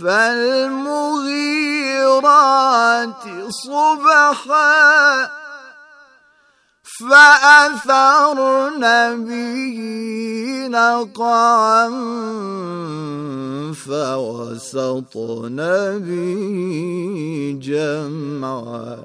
فالمغيرات صبحا فأثرن به نقعا فوسطن به جمعا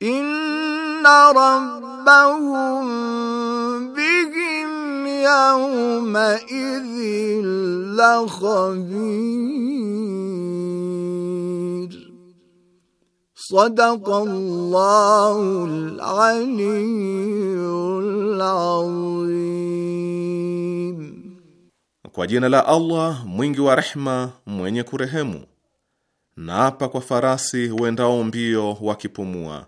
inna rabbahum bihim yawma idhin lakhabir صدق الله العلي العظيم Kwa jina la Allah mwingi wa rehma mwenye kurehemu. Naapa kwa farasi wendao mbio wakipumua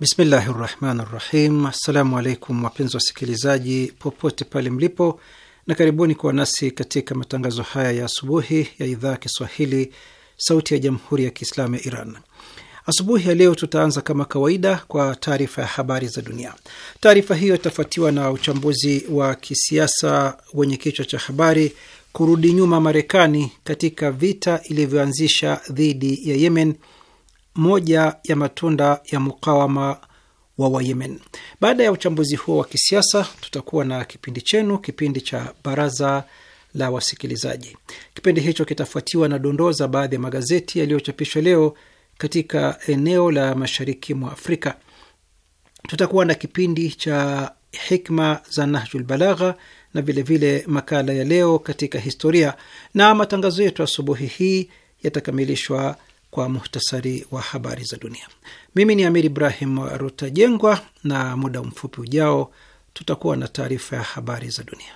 Bismillahi rahmani rahim. Assalamu alaikum wapenzi wasikilizaji popote pale mlipo, na karibuni kuwa nasi katika matangazo haya ya asubuhi ya idhaa ya Kiswahili sauti ya jamhuri ya Kiislamu ya Iran. Asubuhi ya leo tutaanza kama kawaida kwa taarifa ya habari za dunia. Taarifa hiyo itafuatiwa na uchambuzi wa kisiasa wenye kichwa cha habari kurudi nyuma Marekani katika vita ilivyoanzisha dhidi ya Yemen moja ya matunda ya mukawama wa Wayemen. Baada ya uchambuzi huo wa kisiasa, tutakuwa na kipindi chenu, kipindi cha baraza la wasikilizaji. Kipindi hicho kitafuatiwa na dondoo za baadhi ya magazeti yaliyochapishwa leo katika eneo la mashariki mwa Afrika. Tutakuwa na kipindi cha hikma za Nahjul Balagha na vilevile makala ya leo katika historia, na matangazo yetu asubuhi hii yatakamilishwa kwa muhtasari wa habari za dunia. Mimi ni Amir Ibrahim Rutajengwa, na muda mfupi ujao tutakuwa na taarifa ya habari za dunia.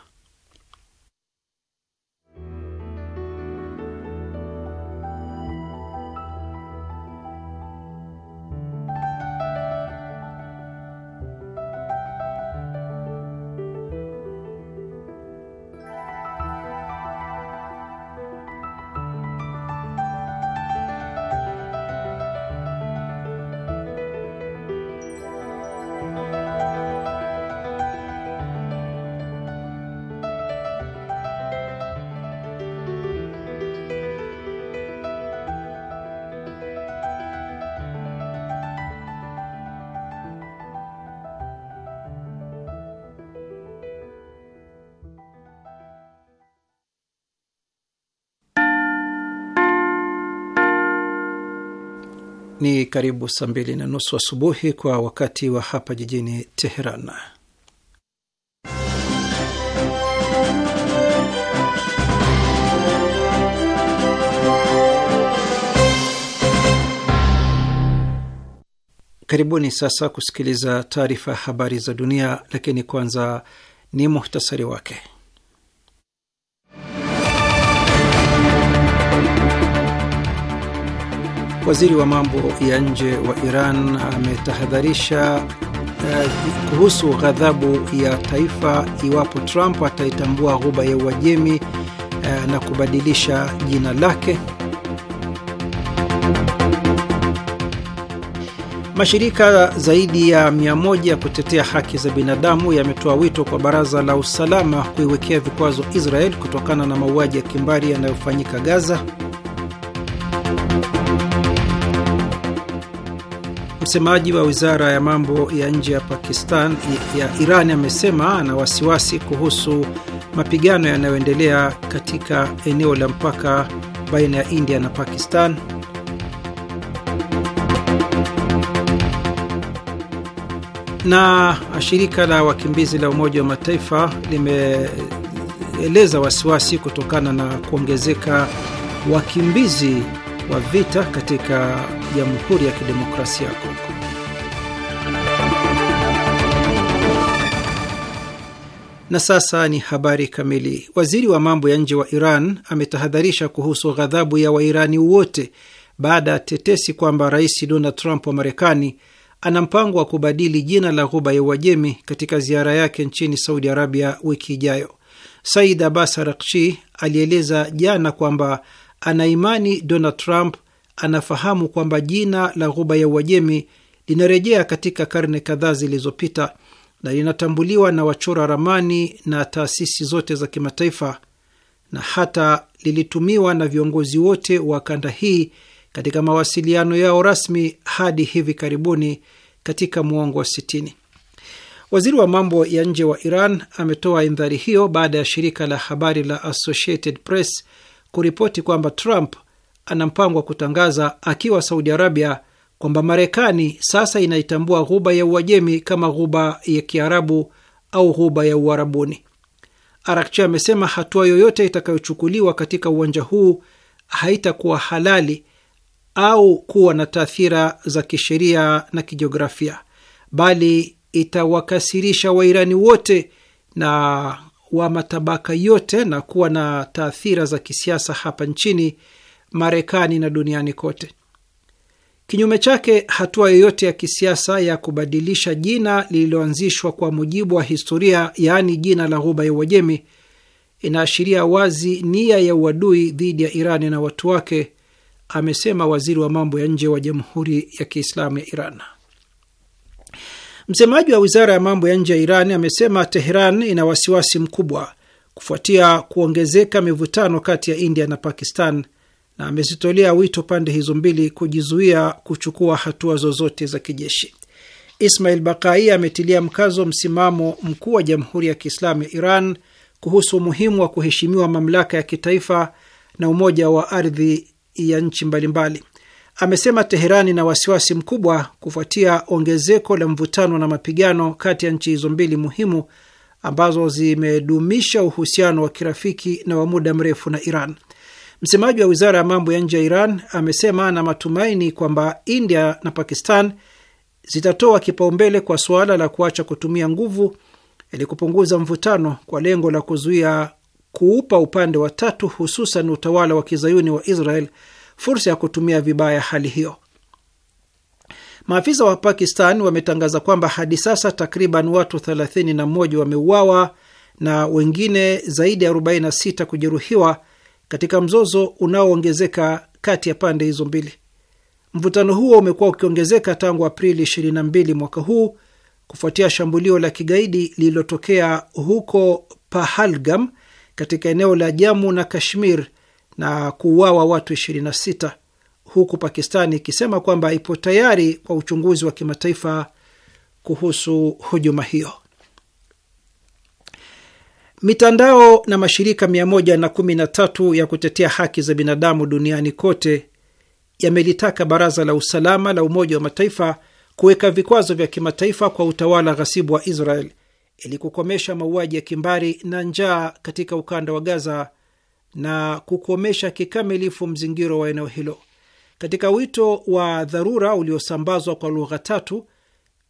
karibu saa mbili na nusu asubuhi kwa wakati wa hapa jijini Teheran. Karibuni sasa kusikiliza taarifa ya habari za dunia, lakini kwanza ni muhtasari wake. Waziri wa mambo ya nje wa Iran ametahadharisha uh, kuhusu ghadhabu ya taifa iwapo Trump ataitambua ghuba ya Uajemi uh, na kubadilisha jina lake. Mashirika zaidi ya 1 ya kutetea haki za binadamu yametoa wito kwa baraza la usalama kuiwekea vikwazo Israel kutokana na mauaji ya kimbari yanayofanyika Gaza. Msemaji wa wizara ya mambo ya nje ya Pakistan ya Iran amesema ana wasiwasi kuhusu mapigano yanayoendelea katika eneo la mpaka baina ya India na Pakistan. Na shirika la wakimbizi la Umoja wa Mataifa limeeleza wasiwasi kutokana na kuongezeka wakimbizi wa vita katika Jamhuri ya Kidemokrasia ya Kongo. Na sasa ni habari kamili. Waziri wa mambo ya nje wa Iran ametahadharisha kuhusu ghadhabu ya Wairani wote baada ya tetesi kwamba Rais Donald Trump wa Marekani ana mpango wa kubadili jina la Ghuba ya Uajemi katika ziara yake nchini Saudi Arabia wiki ijayo. Said Abbas Arakshi alieleza jana kwamba ana imani Donald Trump anafahamu kwamba jina la ghuba ya Uajemi linarejea katika karne kadhaa zilizopita na linatambuliwa na wachora ramani na taasisi zote za kimataifa na hata lilitumiwa na viongozi wote wa kanda hii katika mawasiliano yao rasmi hadi hivi karibuni katika muongo wa sitini. Waziri wa mambo ya nje wa Iran ametoa indhari hiyo baada ya shirika la habari la Associated Press kuripoti kwamba Trump ana mpango wa kutangaza akiwa Saudi Arabia kwamba Marekani sasa inaitambua ghuba ya Uajemi kama ghuba ya Kiarabu au ghuba ya Uarabuni. Arakchi amesema hatua yoyote itakayochukuliwa katika uwanja huu haitakuwa halali au kuwa na taathira za kisheria na kijiografia, bali itawakasirisha Wairani wote na wa matabaka yote na kuwa na taathira za kisiasa hapa nchini Marekani na duniani kote. Kinyume chake, hatua yoyote ya kisiasa ya kubadilisha jina lililoanzishwa kwa mujibu wa historia, yaani jina la Ghuba ya Uajemi, inaashiria wazi nia ya uadui dhidi ya Irani na watu wake, amesema waziri wa mambo ya nje wa Jamhuri ya Kiislamu ya Iran. Msemaji wa wizara ya mambo ya nje ya Iran amesema Teheran ina wasiwasi mkubwa kufuatia kuongezeka mivutano kati ya India na Pakistan na amezitolea wito pande hizo mbili kujizuia kuchukua hatua zozote za kijeshi. Ismail Bakai ametilia mkazo msimamo mkuu wa Jamhuri ya Kiislamu ya Iran kuhusu umuhimu wa kuheshimiwa mamlaka ya kitaifa na umoja wa ardhi ya nchi mbalimbali. Amesema teheran ina wasiwasi mkubwa kufuatia ongezeko la mvutano na mapigano kati ya nchi hizo mbili muhimu ambazo zimedumisha uhusiano wa kirafiki na wa muda mrefu na Iran. Msemaji wa wizara ya mambo ya nje ya Iran amesema ana matumaini kwamba India na Pakistan zitatoa kipaumbele kwa suala la kuacha kutumia nguvu ili kupunguza mvutano kwa lengo la kuzuia kuupa upande wa tatu, hususan utawala wa kizayuni wa Israel, fursa ya kutumia vibaya hali hiyo. Maafisa wa Pakistan wametangaza kwamba hadi sasa takriban watu 31 wameuawa na wengine zaidi ya 46 kujeruhiwa katika mzozo unaoongezeka kati ya pande hizo mbili. Mvutano huo umekuwa ukiongezeka tangu Aprili 22 mwaka huu kufuatia shambulio la kigaidi lililotokea huko Pahalgam katika eneo la Jamu na Kashmir na kuuawa watu 26 huku Pakistani ikisema kwamba ipo tayari kwa uchunguzi wa kimataifa kuhusu hujuma hiyo. Mitandao na mashirika 113 ya kutetea haki za binadamu duniani kote yamelitaka Baraza la Usalama la Umoja wa Mataifa kuweka vikwazo vya kimataifa kwa utawala ghasibu wa Israel ili kukomesha mauaji ya kimbari na njaa katika ukanda wa Gaza na kukomesha kikamilifu mzingiro wa eneo hilo. Katika wito wa dharura uliosambazwa kwa lugha tatu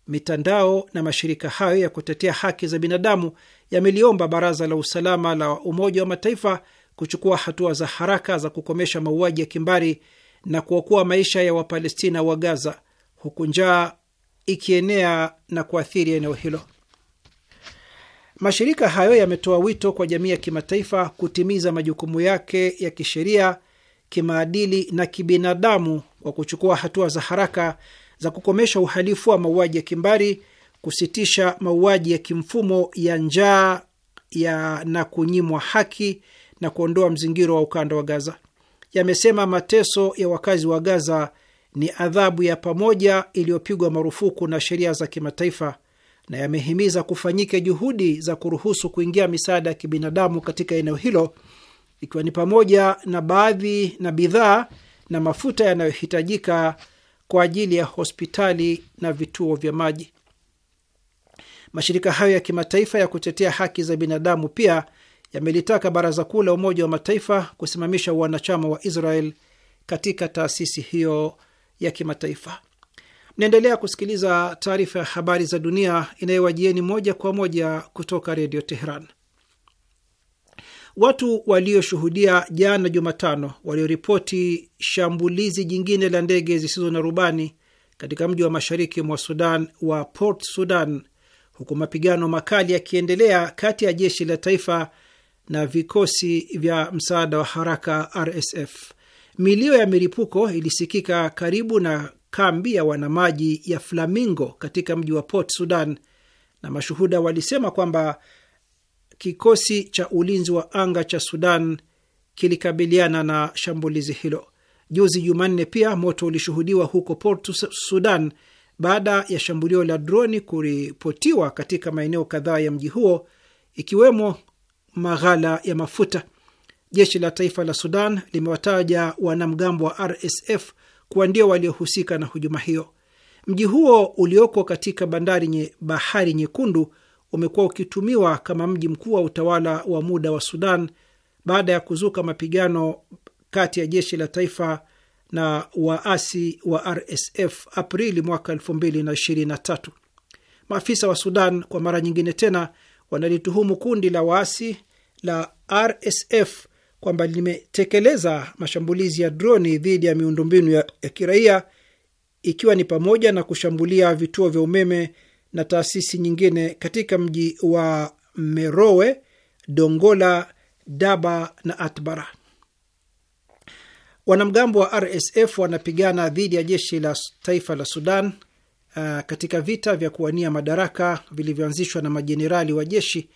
mitandao na mashirika hayo ya kutetea haki za binadamu yameliomba Baraza la Usalama la Umoja wa Mataifa kuchukua hatua za haraka za kukomesha mauaji ya kimbari na kuokoa maisha ya Wapalestina wa Gaza, huku njaa ikienea na kuathiri eneo hilo. Mashirika hayo yametoa wito kwa jamii ya kimataifa kutimiza majukumu yake ya kisheria, kimaadili na kibinadamu kwa kuchukua hatua za haraka za kukomesha uhalifu wa mauaji ya kimbari, kusitisha mauaji ya kimfumo ya njaa ya na kunyimwa haki na kuondoa mzingiro wa ukanda wa Gaza. Yamesema mateso ya wakazi wa Gaza ni adhabu ya pamoja iliyopigwa marufuku na sheria za kimataifa na yamehimiza kufanyike juhudi za kuruhusu kuingia misaada ya kibinadamu katika eneo hilo ikiwa ni pamoja na baadhi na bidhaa na mafuta yanayohitajika kwa ajili ya hospitali na vituo vya maji. Mashirika hayo ya kimataifa ya kutetea haki za binadamu pia yamelitaka Baraza Kuu la Umoja wa Mataifa kusimamisha wanachama wa Israel katika taasisi hiyo ya kimataifa. Mnaendelea kusikiliza taarifa ya habari za dunia inayowajieni moja kwa moja kutoka Redio Teheran. Watu walioshuhudia jana Jumatano walioripoti shambulizi jingine la ndege zisizo na rubani katika mji wa mashariki mwa Sudan wa Port Sudan, huku mapigano makali yakiendelea kati ya jeshi la taifa na vikosi vya msaada wa haraka RSF. Milio ya milipuko ilisikika karibu na kambi ya wanamaji ya Flamingo katika mji wa Port Sudan, na mashuhuda walisema kwamba kikosi cha ulinzi wa anga cha Sudan kilikabiliana na shambulizi hilo. Juzi Jumanne pia moto ulishuhudiwa huko Port Sudan baada ya shambulio la droni kuripotiwa katika maeneo kadhaa ya mji huo ikiwemo maghala ya mafuta. Jeshi la taifa la Sudan limewataja wanamgambo wa RSF kuwa ndio waliohusika na hujuma hiyo. Mji huo ulioko katika bandari nye bahari Nyekundu umekuwa ukitumiwa kama mji mkuu wa utawala wa muda wa Sudan baada ya kuzuka mapigano kati ya jeshi la taifa na waasi wa RSF Aprili mwaka 2023. Maafisa wa Sudan kwa mara nyingine tena wanalituhumu kundi la waasi la RSF kwamba limetekeleza mashambulizi ya droni dhidi ya miundombinu ya, ya kiraia ikiwa ni pamoja na kushambulia vituo vya umeme na taasisi nyingine katika mji wa Merowe, Dongola, Daba na Atbara. Wanamgambo wa RSF wanapigana dhidi ya jeshi la taifa la Sudan Uh, katika vita vya kuwania madaraka vilivyoanzishwa na majenerali wa jeshi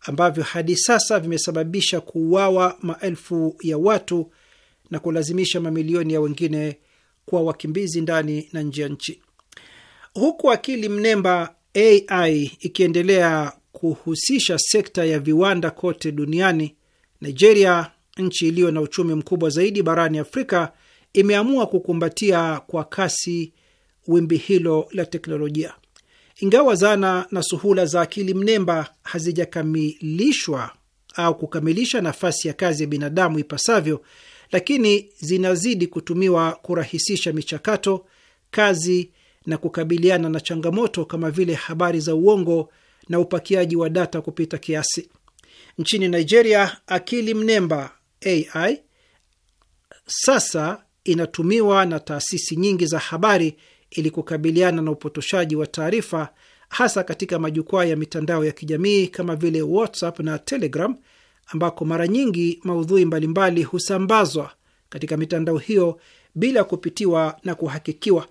ambavyo hadi sasa vimesababisha kuuawa maelfu ya watu na kulazimisha mamilioni ya wengine kuwa wakimbizi ndani na nje ya nchi, huku akili mnemba AI ikiendelea kuhusisha sekta ya viwanda kote duniani, Nigeria, nchi iliyo na uchumi mkubwa zaidi barani Afrika, imeamua kukumbatia kwa kasi wimbi hilo la teknolojia. Ingawa zana na suhula za akili mnemba hazijakamilishwa au kukamilisha nafasi ya kazi ya binadamu ipasavyo, lakini zinazidi kutumiwa kurahisisha michakato, kazi na kukabiliana na changamoto kama vile habari za uongo na upakiaji wa data kupita kiasi. Nchini Nigeria, akili mnemba AI sasa inatumiwa na taasisi nyingi za habari ili kukabiliana na upotoshaji wa taarifa, hasa katika majukwaa ya mitandao ya kijamii kama vile WhatsApp na Telegram, ambako mara nyingi maudhui mbalimbali husambazwa katika mitandao hiyo bila kupitiwa na kuhakikiwa.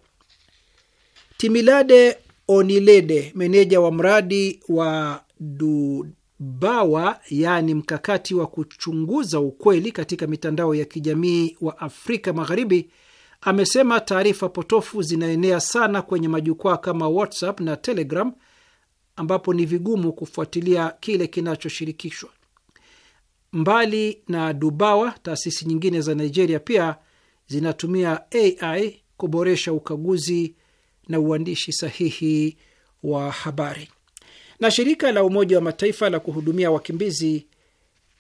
Timilade Onilede, meneja wa mradi wa Dubawa, yaani mkakati wa kuchunguza ukweli katika mitandao ya kijamii wa Afrika Magharibi, amesema taarifa potofu zinaenea sana kwenye majukwaa kama WhatsApp na Telegram, ambapo ni vigumu kufuatilia kile kinachoshirikishwa. Mbali na Dubawa, taasisi nyingine za Nigeria pia zinatumia AI kuboresha ukaguzi na uandishi sahihi wa habari. Na shirika la Umoja wa Mataifa la kuhudumia wakimbizi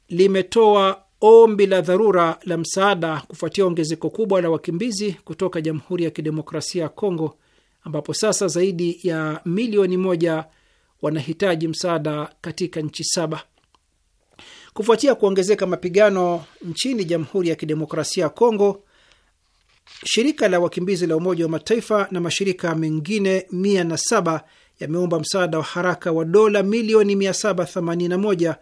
limetoa ombi la dharura la msaada kufuatia ongezeko kubwa la wakimbizi kutoka Jamhuri ya Kidemokrasia ya Kongo, ambapo sasa zaidi ya milioni moja wanahitaji msaada katika nchi saba. Kufuatia kuongezeka mapigano nchini Jamhuri ya Kidemokrasia ya Kongo, Shirika la wakimbizi la Umoja wa Mataifa na mashirika mengine 107 yameomba msaada wa haraka wa dola milioni 781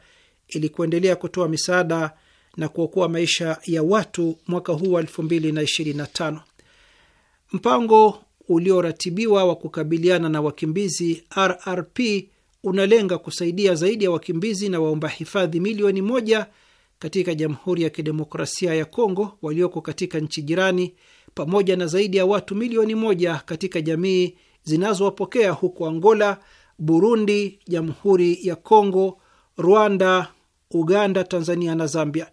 ili kuendelea kutoa misaada na kuokoa maisha ya watu mwaka huu wa 2025. Mpango ulioratibiwa wa kukabiliana na wakimbizi RRP unalenga kusaidia zaidi ya wakimbizi na waomba hifadhi milioni moja katika Jamhuri ya Kidemokrasia ya Kongo walioko katika nchi jirani pamoja na zaidi ya watu milioni moja katika jamii zinazowapokea huko Angola, Burundi, Jamhuri ya Kongo, Rwanda, Uganda, Tanzania na Zambia.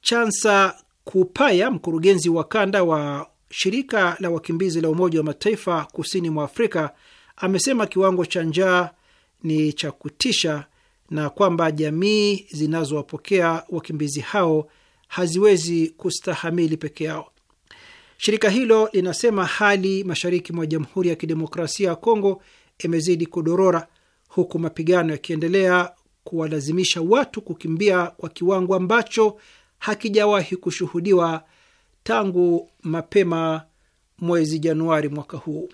Chansa Kupaya, mkurugenzi wa kanda wa shirika la wakimbizi la Umoja wa Mataifa kusini mwa Afrika, amesema kiwango cha njaa ni cha kutisha na kwamba jamii zinazowapokea wakimbizi hao haziwezi kustahamili peke yao. Shirika hilo linasema hali mashariki mwa Jamhuri ya Kidemokrasia ya Kongo imezidi kudorora, huku mapigano yakiendelea kuwalazimisha watu kukimbia kwa kiwango ambacho hakijawahi kushuhudiwa tangu mapema mwezi Januari mwaka huu.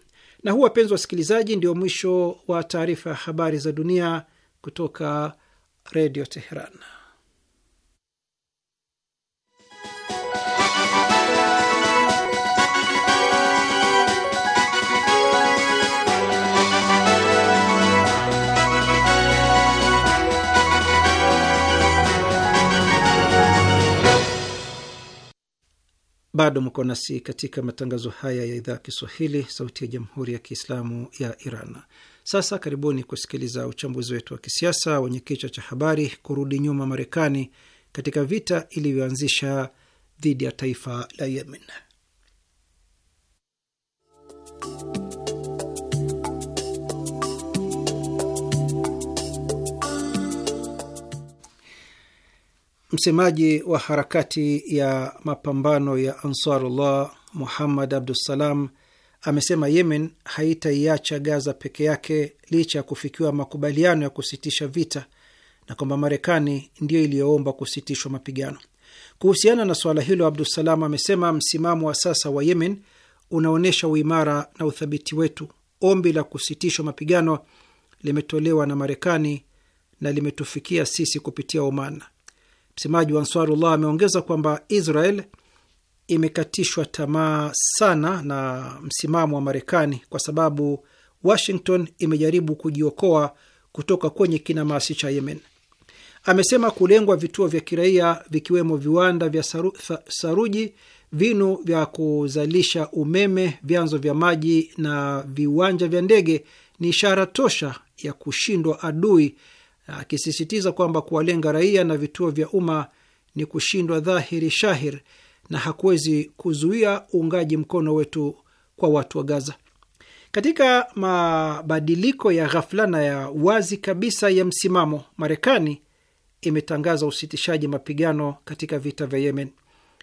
Na huu, wapenzi wasikilizaji, ndio mwisho wa taarifa ya habari za dunia kutoka Redio Teheran. Bado mko nasi katika matangazo haya ya idhaa ya Kiswahili, sauti ya jamhuri ya kiislamu ya Iran. Sasa karibuni kusikiliza uchambuzi wetu wa kisiasa wenye kichwa cha habari, kurudi nyuma Marekani katika vita ilivyoanzisha dhidi ya taifa la Yemen. Msemaji wa harakati ya mapambano ya Ansarullah Muhammad Abdussalam amesema Yemen haitaiacha Gaza peke yake licha ya kufikiwa makubaliano ya kusitisha vita na kwamba Marekani ndiyo iliyoomba kusitishwa mapigano. Kuhusiana na suala hilo, Abdussalam amesema msimamo wa sasa wa Yemen unaonyesha uimara na uthabiti wetu. Ombi la kusitishwa mapigano limetolewa na Marekani na limetufikia sisi kupitia Oman. Msemaji wa Ansarullah ameongeza kwamba Israel imekatishwa tamaa sana na msimamo wa Marekani kwa sababu Washington imejaribu kujiokoa kutoka kwenye kinamasi cha Yemen. Amesema kulengwa vituo vya kiraia vikiwemo viwanda vya saru, saruji, vinu vya kuzalisha umeme, vyanzo vya maji na viwanja vya ndege ni ishara tosha ya kushindwa adui akisisitiza kwamba kuwalenga raia na vituo vya umma ni kushindwa dhahiri shahir na hakuwezi kuzuia uungaji mkono wetu kwa watu wa Gaza. Katika mabadiliko ya ghafla na ya wazi kabisa ya msimamo, Marekani imetangaza usitishaji mapigano katika vita vya Yemen.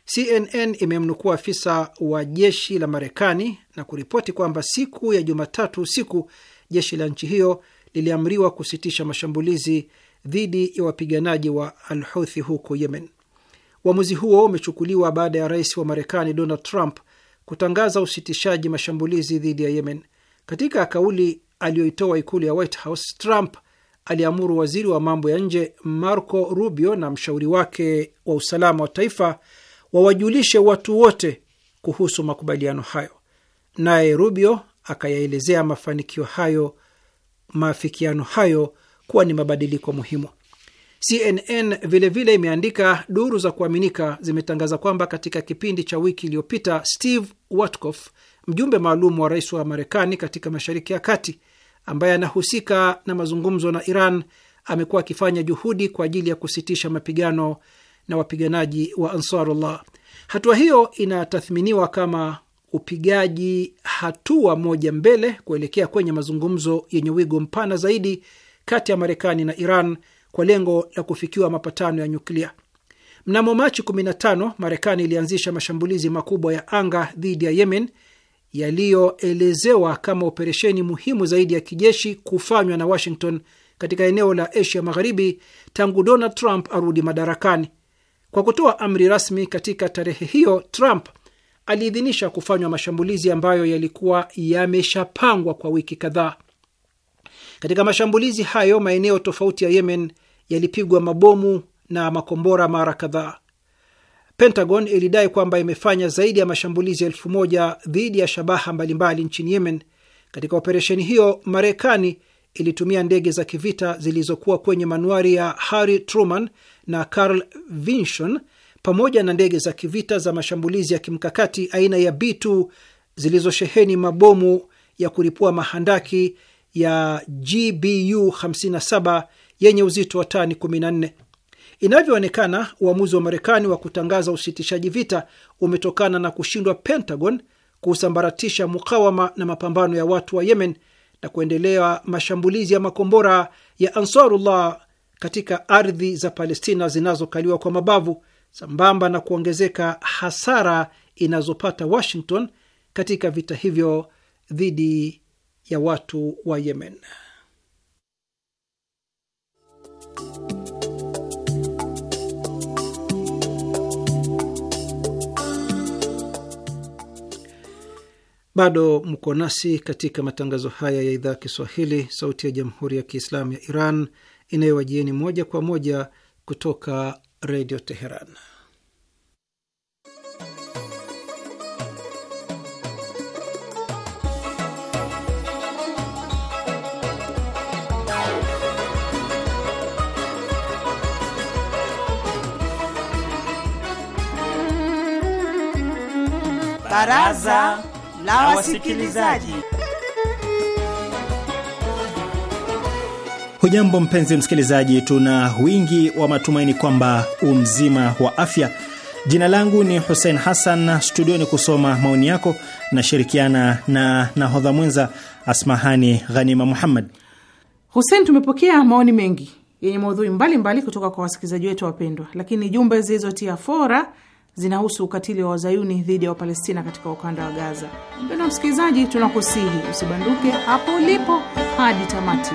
CNN imemnukua afisa wa jeshi la Marekani na kuripoti kwamba siku ya Jumatatu usiku jeshi la nchi hiyo liliamriwa kusitisha mashambulizi dhidi ya wapiganaji wa Alhouthi huko Yemen. Uamuzi huo umechukuliwa baada ya rais wa Marekani Donald Trump kutangaza usitishaji mashambulizi dhidi ya Yemen. Katika kauli aliyoitoa ikulu ya White House, Trump aliamuru waziri wa mambo ya nje Marco Rubio na mshauri wake wa usalama wa taifa wawajulishe watu wote kuhusu makubaliano hayo. Naye Rubio akayaelezea mafanikio hayo maafikiano hayo kuwa ni mabadiliko muhimu. CNN vilevile imeandika duru za kuaminika zimetangaza kwamba katika kipindi cha wiki iliyopita Steve Witkoff, mjumbe maalum wa rais wa Marekani katika Mashariki ya Kati, ambaye anahusika na mazungumzo na Iran, amekuwa akifanya juhudi kwa ajili ya kusitisha mapigano na wapiganaji wa Ansarullah. Hatua hiyo inatathminiwa kama upigaji hatua moja mbele kuelekea kwenye mazungumzo yenye wigo mpana zaidi kati ya Marekani na Iran kwa lengo la kufikiwa mapatano ya nyuklia. Mnamo Machi 15 Marekani ilianzisha mashambulizi makubwa ya anga dhidi ya Yemen yaliyoelezewa kama operesheni muhimu zaidi ya kijeshi kufanywa na Washington katika eneo la Asia Magharibi tangu Donald Trump arudi madarakani. Kwa kutoa amri rasmi katika tarehe hiyo, Trump aliidhinisha kufanywa mashambulizi ambayo yalikuwa yameshapangwa kwa wiki kadhaa. Katika mashambulizi hayo, maeneo tofauti ya Yemen yalipigwa mabomu na makombora mara kadhaa. Pentagon ilidai kwamba imefanya zaidi ya mashambulizi elfu moja dhidi ya shabaha mbalimbali nchini Yemen. Katika operesheni hiyo, Marekani ilitumia ndege za kivita zilizokuwa kwenye manuari ya Harry Truman na Carl Vinson pamoja na ndege za kivita za mashambulizi ya kimkakati aina ya b zilizosheheni mabomu ya kuripua mahandaki ya GBU 57 yenye uzito wa tani 14. Inavyoonekana, uamuzi wa Marekani wa kutangaza usitishaji vita umetokana na kushindwa Pentagon kusambaratisha mukawama na mapambano ya watu wa Yemen na kuendelea mashambulizi ya makombora ya Ansarullah katika ardhi za Palestina zinazokaliwa kwa mabavu sambamba na kuongezeka hasara inazopata Washington katika vita hivyo dhidi ya watu wa Yemen. Bado mko nasi katika matangazo haya ya idhaa ya Kiswahili, Sauti ya Jamhuri ya Kiislamu ya Iran inayowajieni moja kwa moja kutoka Redio Teheran. Baraza la Wasikilizaji. Hujambo mpenzi msikilizaji, tuna wingi wa matumaini kwamba umzima wa afya. Jina langu ni Hussein Hassan, studioni kusoma maoni yako nashirikiana na nahodha mwenza Asmahani Ghanima Muhammad. Hussein, tumepokea maoni mengi yenye maudhui mbalimbali kutoka kwa wasikilizaji wetu wapendwa, lakini jumbe zilizotia fora zinahusu ukatili wa wazayuni dhidi ya Wapalestina katika ukanda wa Gaza. Mpendwa msikilizaji, tunakusihi usibanduke hapo ulipo hadi tamati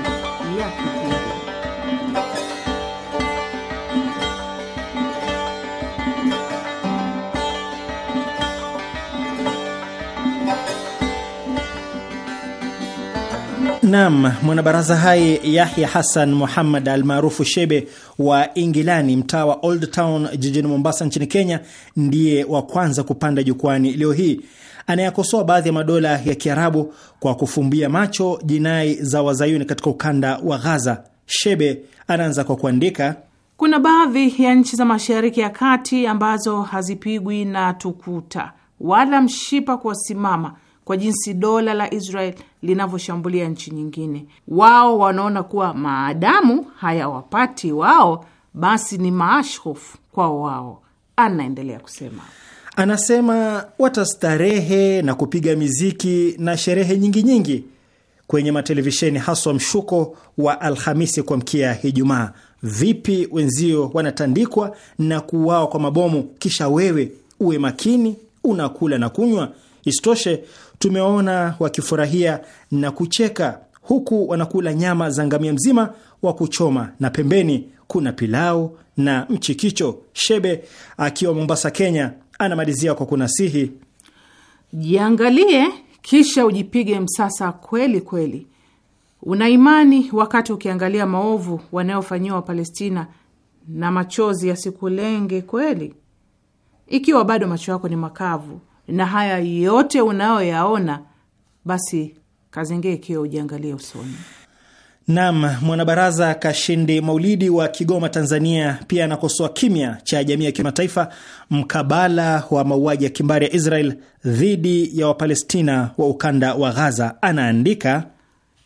nam mwanabaraza hai Yahya Hassan Muhammad almaarufu Shebe wa Ingilani, mtaa wa Old Town jijini Mombasa nchini Kenya, ndiye wa kwanza kupanda jukwani leo hii anayakosoa baadhi ya madola ya Kiarabu kwa kufumbia macho jinai za wazayuni katika ukanda wa Ghaza. Shebe anaanza kwa kuandika, kuna baadhi ya nchi za Mashariki ya Kati ambazo hazipigwi na tukuta wala mshipa kuwasimama kwa jinsi dola la Israel linavyoshambulia nchi nyingine. Wao wanaona kuwa maadamu hayawapati wao, basi ni maashhofu kwao wao, anaendelea kusema. Anasema watastarehe na kupiga miziki na sherehe nyingi nyingi kwenye matelevisheni, haswa mshuko wa Alhamisi kuamkia Ijumaa. Vipi wenzio wanatandikwa na kuuawa kwa mabomu, kisha wewe uwe makini, unakula na kunywa? Isitoshe, tumeona wakifurahia na kucheka, huku wanakula nyama za ngamia mzima wa kuchoma, na pembeni kuna pilau na mchikicho. Shebe akiwa Mombasa, Kenya, Anamalizia kwa kunasihi, jiangalie kisha ujipige msasa kweli kweli. Una imani wakati ukiangalia maovu wanayofanyiwa Wapalestina na machozi yasikulenge kweli? Ikiwa bado macho yako ni makavu na haya yote unayoyaona, basi kazengee ikiwa ujiangalie usoni. Nam mwanabaraza Kashindi Maulidi wa Kigoma, Tanzania, pia anakosoa kimya cha jamii ya kimataifa mkabala wa mauaji ya kimbari ya Israel dhidi ya Wapalestina wa ukanda wa Ghaza. Anaandika,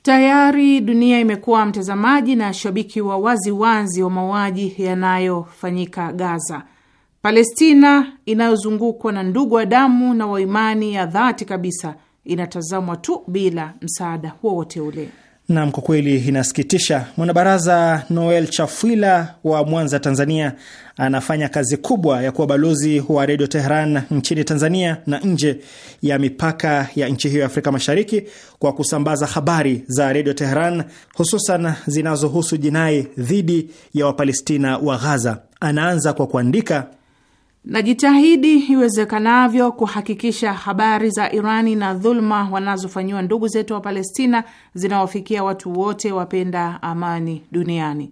tayari dunia imekuwa mtazamaji na shabiki wa waziwazi wa mauaji yanayofanyika Gaza. Palestina inayozungukwa na ndugu wa damu na waimani ya dhati kabisa inatazamwa tu bila msaada wowote ule. Nam, kwa kweli inasikitisha. Mwanabaraza Noel Chafwila wa Mwanza, Tanzania, anafanya kazi kubwa ya kuwa balozi wa Redio Teheran nchini Tanzania na nje ya mipaka ya nchi hiyo ya Afrika Mashariki kwa kusambaza habari za Redio Teheran, hususan zinazohusu jinai dhidi ya Wapalestina wa Ghaza. Anaanza kwa kuandika Najitahidi iwezekanavyo kuhakikisha habari za Irani na dhuluma wanazofanyiwa ndugu zetu wa Palestina zinawafikia watu wote wapenda amani duniani.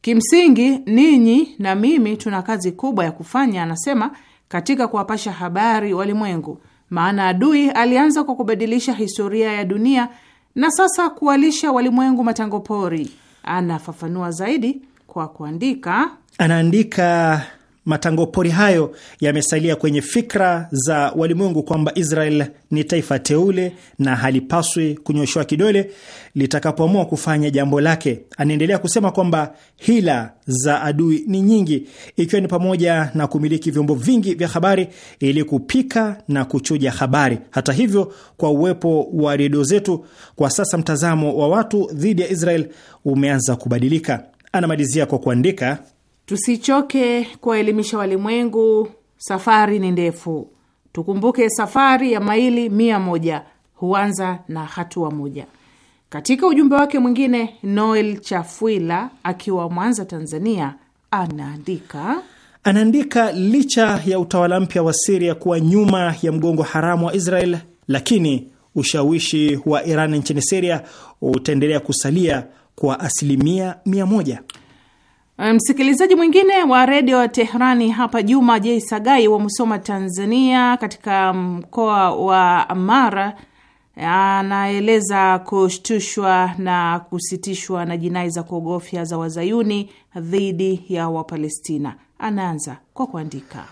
Kimsingi ninyi na mimi tuna kazi kubwa ya kufanya, anasema, katika kuwapasha habari walimwengu, maana adui alianza kwa kubadilisha historia ya dunia na sasa kuwalisha walimwengu matango pori. Anafafanua zaidi kwa kuandika, anaandika matango pori hayo yamesalia kwenye fikra za walimwengu kwamba Israel ni taifa teule na halipaswi kunyoshewa kidole litakapoamua kufanya jambo lake. Anaendelea kusema kwamba hila za adui ni nyingi, ikiwa ni pamoja na kumiliki vyombo vingi vya habari ili kupika na kuchuja habari. Hata hivyo, kwa uwepo wa redio zetu, kwa sasa mtazamo wa watu dhidi ya Israel umeanza kubadilika. Anamalizia kwa kuandika Tusichoke kuwaelimisha walimwengu, safari ni ndefu. Tukumbuke safari ya maili mia moja huanza na hatua moja. Katika ujumbe wake mwingine, Noel Chafuila akiwa Mwanza, Tanzania, anaandika anaandika licha ya utawala mpya wa Siria kuwa nyuma ya mgongo haramu wa Israel, lakini ushawishi wa Iran nchini Siria utaendelea kusalia kwa asilimia mia moja. Eh, msikilizaji mwingine wa redio tehrani Teherani hapa Juma Jei Sagai wa Musoma, Tanzania, katika mkoa wa Mara anaeleza kushtushwa na kusitishwa na jinai za kuogofya za wazayuni dhidi ya Wapalestina. Anaanza kwa kuandika,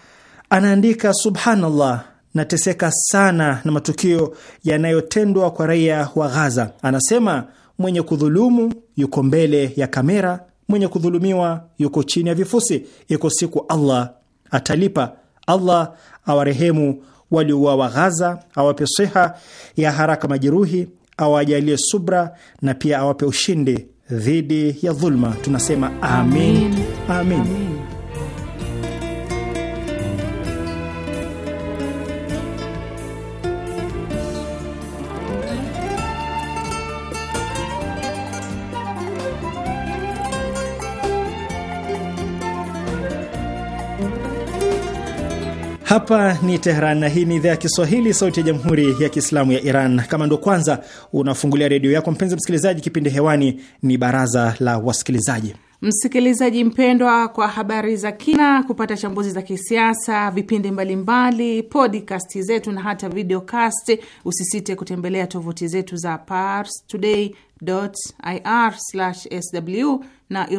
anaandika subhanallah, nateseka sana na matukio yanayotendwa kwa raia wa Ghaza. Anasema mwenye kudhulumu yuko mbele ya kamera mwenye kudhulumiwa yuko chini ya vifusi. Iko siku Allah atalipa. Allah awarehemu waliouawa Ghaza, awape siha ya haraka majeruhi, awajalie subra na pia awape ushindi dhidi ya dhulma. Tunasema amin, amin, amin. Hapa ni Tehran na hii ni idhaa ya Kiswahili, sauti ya jamhuri ya kiislamu ya Iran. Kama ndo kwanza unafungulia redio yako, mpenzi msikilizaji, kipindi hewani ni baraza la wasikilizaji. Msikilizaji mpendwa, kwa habari za kina, kupata chambuzi za kisiasa, vipindi mbalimbali, podcast zetu na hata videocast, usisite kutembelea tovuti zetu za pars ir sw na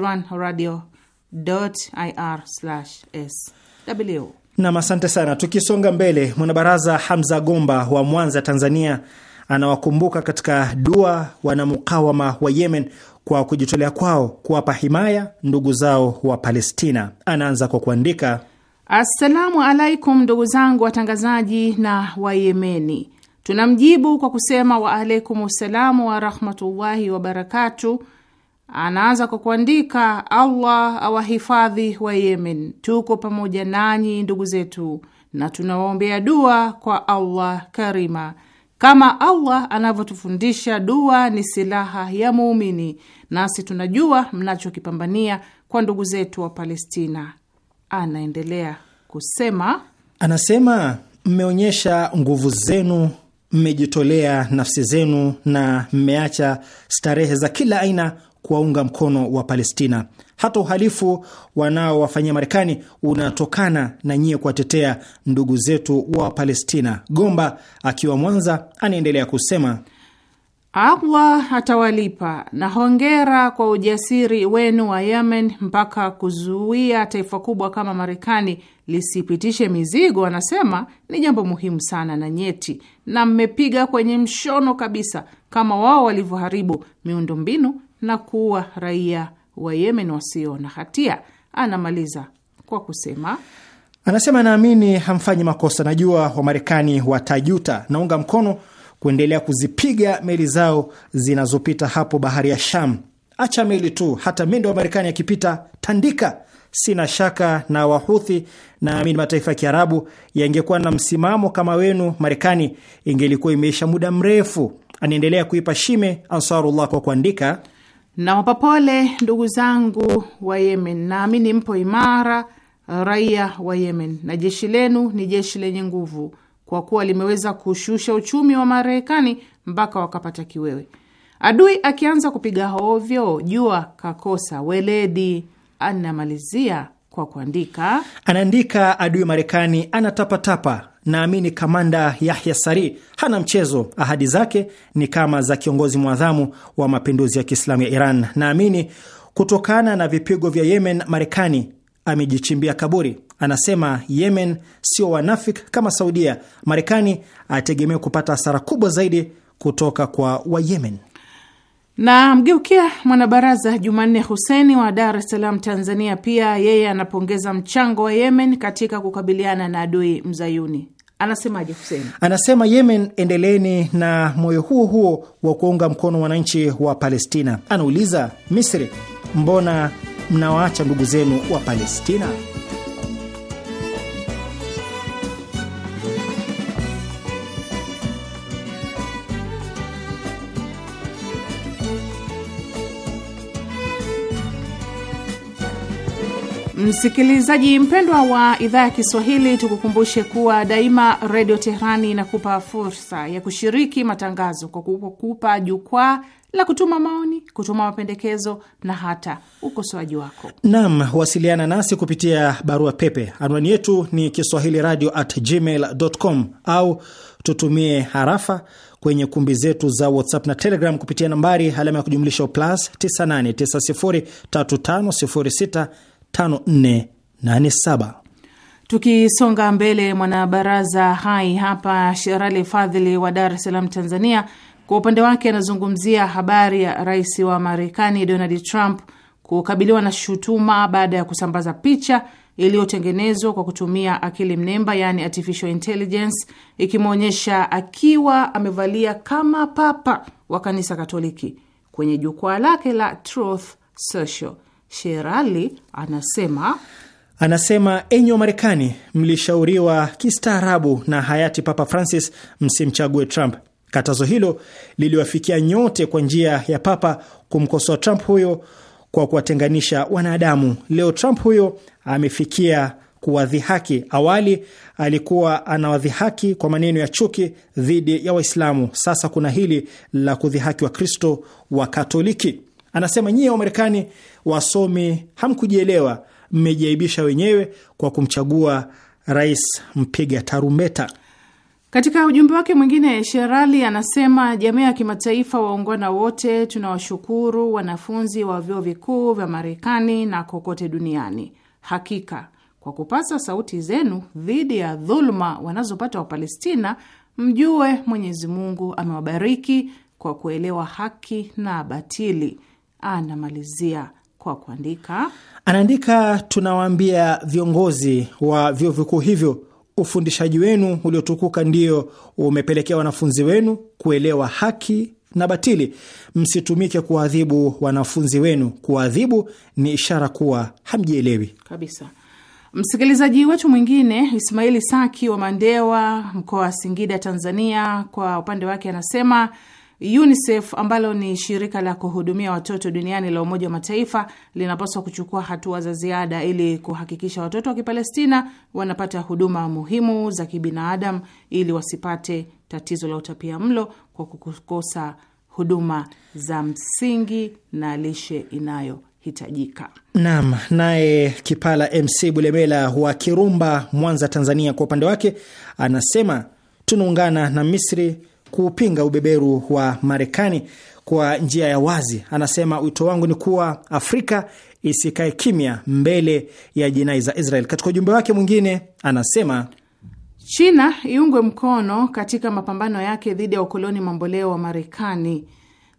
ir sw Nam, asante sana. Tukisonga mbele, mwanabaraza Hamza Gomba wa Mwanza, Tanzania, anawakumbuka katika dua wanamukawama wa Yemen kwa kujitolea kwao kuwapa himaya ndugu zao wa Palestina. Anaanza kwa kuandika, assalamu alaikum, ndugu zangu watangazaji na Wayemeni. Tunamjibu kwa kusema wa ssalamu warahmatullahi wabarakatu Anaanza kwa kuandika: Allah awahifadhi wa Yemen, tuko pamoja nanyi ndugu zetu, na tunawaombea dua kwa Allah Karima, kama Allah anavyotufundisha. Dua ni silaha ya muumini, nasi tunajua mnachokipambania kwa ndugu zetu wa Palestina. Anaendelea kusema, anasema mmeonyesha nguvu zenu, mmejitolea nafsi zenu, na mmeacha starehe za kila aina kuwaunga mkono wa Palestina. Hata uhalifu wanaowafanyia Marekani unatokana na nyie kuwatetea ndugu zetu wa Palestina. Gomba akiwa Mwanza anaendelea kusema Allah atawalipa na hongera kwa ujasiri wenu wa Yemen mpaka kuzuia taifa kubwa kama Marekani lisipitishe mizigo, anasema ni jambo muhimu sana na nyeti, na mmepiga kwenye mshono kabisa, kama wao walivyoharibu miundombinu na kuua raia wa Yemen wasio na hatia. Anamaliza kwa kusema anasema, naamini hamfanyi makosa, najua Wamarekani watajuta. Naunga mkono kuendelea kuzipiga meli zao zinazopita hapo bahari ya Sham. Acha meli tu, hata mindo wa Marekani akipita tandika. Sina shaka na Wahuthi. Naamini mataifa ya Kiarabu yangekuwa na msimamo kama wenu, Marekani ingelikuwa imeisha muda mrefu. Anaendelea kuipa shime Ansarullah kwa kuandika Nawapa pole ndugu zangu wa Yemen, naamini mpo imara, raia wa Yemen, na jeshi lenu ni jeshi lenye nguvu, kwa kuwa limeweza kushusha uchumi wa Marekani mpaka wakapata kiwewe. Adui akianza kupiga hovyo, jua kakosa weledi. Anamalizia kwa kuandika. Anaandika, adui Marekani anatapatapa, naamini kamanda Yahya Sari hana mchezo, ahadi zake ni kama za kiongozi mwadhamu wa mapinduzi ya Kiislamu ya Iran. Naamini kutokana na vipigo vya Yemen, Marekani amejichimbia kaburi. Anasema Yemen sio wanafik kama Saudia. Marekani ategemea kupata hasara kubwa zaidi kutoka kwa Wayemen na mgeukia mwanabaraza Jumanne Huseni wa Dar es Salaam, Tanzania. Pia yeye anapongeza mchango wa Yemen katika kukabiliana na adui mzayuni. Anasemaje Huseni? Anasema, Yemen, endeleeni na moyo huo huo wa kuunga mkono wananchi wa Palestina. Anauliza, Misri, mbona mnawaacha ndugu zenu wa Palestina? Msikilizaji mpendwa wa idhaa ya Kiswahili, tukukumbushe kuwa daima Redio Teherani inakupa fursa ya kushiriki matangazo kwa kukupa jukwaa la kutuma maoni, kutuma mapendekezo na hata ukosoaji wako. Naam, wasiliana nasi kupitia barua pepe. Anwani yetu ni kiswahili radio at gmail com, au tutumie harafa kwenye kumbi zetu za WhatsApp na Telegram kupitia nambari alama ya kujumlisha plus 98903506 5487. Tukisonga mbele, mwanabaraza hai hapa Sherali Fadhili wa Dar es Salaam, Tanzania, kwa upande wake anazungumzia habari ya rais wa Marekani Donald Trump kukabiliwa na shutuma baada ya kusambaza picha iliyotengenezwa kwa kutumia akili mnemba, yaani artificial intelligence, ikimwonyesha akiwa amevalia kama papa wa kanisa Katoliki kwenye jukwaa lake la Truth Social. Sherali anasema anasema enyi wa Marekani, mlishauriwa kistaarabu na hayati Papa Francis msimchague Trump. Katazo hilo liliwafikia nyote kwa njia ya Papa kumkosoa Trump huyo kwa kuwatenganisha wanadamu. Leo Trump huyo amefikia kuwadhihaki. Awali alikuwa anawadhihaki kwa maneno ya chuki dhidi ya Waislamu, sasa kuna hili la kudhihaki Wakristo wa Katoliki. Anasema nyie wa Marekani wasomi hamkujielewa, mmejiaibisha wenyewe kwa kumchagua rais mpiga tarumbeta. Katika ujumbe wake mwingine, Sherali anasema jamii ya kimataifa, waungwana wote, tunawashukuru wanafunzi wa vyuo vikuu vya Marekani na kokote duniani, hakika kwa kupasa sauti zenu dhidi ya dhuluma wanazopata Wapalestina, mjue Mwenyezi Mungu amewabariki kwa kuelewa haki na batili. Anamalizia kwa kuandika. Anaandika, tunawaambia viongozi wa vyuo vikuu hivyo, ufundishaji wenu uliotukuka ndio umepelekea wanafunzi wenu kuelewa haki na batili. Msitumike kuwaadhibu wanafunzi wenu, kuwaadhibu ni ishara kuwa hamjielewi kabisa. Msikilizaji wetu mwingine Ismaili Saki wa Mandewa, mkoa wa Singida, Tanzania, kwa upande wake anasema UNICEF ambalo ni shirika la kuhudumia watoto duniani la Umoja wa Mataifa linapaswa kuchukua hatua za ziada ili kuhakikisha watoto wa Kipalestina wanapata huduma muhimu za kibinadamu ili wasipate tatizo la utapia mlo kwa kukosa huduma za msingi na lishe inayo hitajika. Naam, naye Kipala MC Bulemela wa Kirumba, Mwanza, Tanzania, kwa upande wake anasema tunaungana na Misri kuupinga ubeberu wa Marekani kwa njia ya wazi. Anasema wito wangu ni kuwa Afrika isikae kimya mbele ya jinai za Israel. Katika ujumbe wake mwingine anasema China iungwe mkono katika mapambano yake dhidi ya ukoloni mamboleo wa Marekani.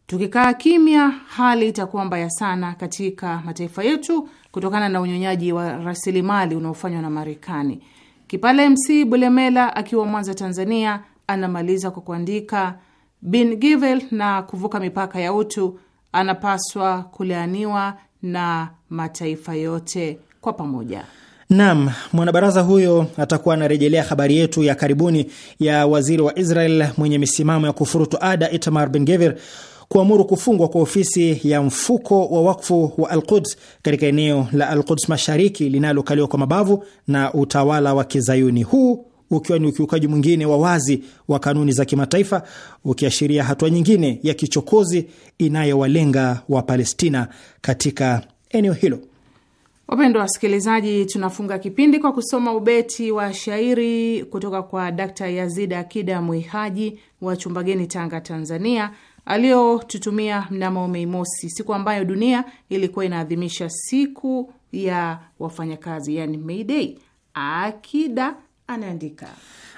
Tukikaa kimya, hali itakuwa mbaya sana katika mataifa yetu kutokana na unyonyaji wa rasilimali unaofanywa na Marekani. Kipale MC Bulemela akiwa Mwanza, Tanzania, Anamaliza kwa kuandika, Bin Givel na kuvuka mipaka ya utu anapaswa kulaaniwa na mataifa yote kwa pamoja. Naam, mwanabaraza huyo atakuwa anarejelea habari yetu ya karibuni ya waziri wa Israel mwenye misimamo ya kufurutu ada Itamar Ben Gvir kuamuru kufungwa kwa ofisi ya mfuko wa wakfu wa Al-Quds katika eneo la Al-Quds Mashariki linalokaliwa kwa mabavu na utawala wa Kizayuni. Huu ukiwa ni ukiukaji mwingine wa wazi wa kanuni za kimataifa, ukiashiria hatua nyingine ya kichokozi inayowalenga Wapalestina katika eneo hilo. Wapendwa wasikilizaji, tunafunga kipindi kwa kusoma ubeti wa shairi kutoka kwa Dakta Yazid Akida Mwihaji wa Chumbageni, Tanga, Tanzania, aliyotutumia mnamo Mei Mosi, siku ambayo dunia ilikuwa inaadhimisha siku ya wafanyakazi, yani May Day. Akida anaandika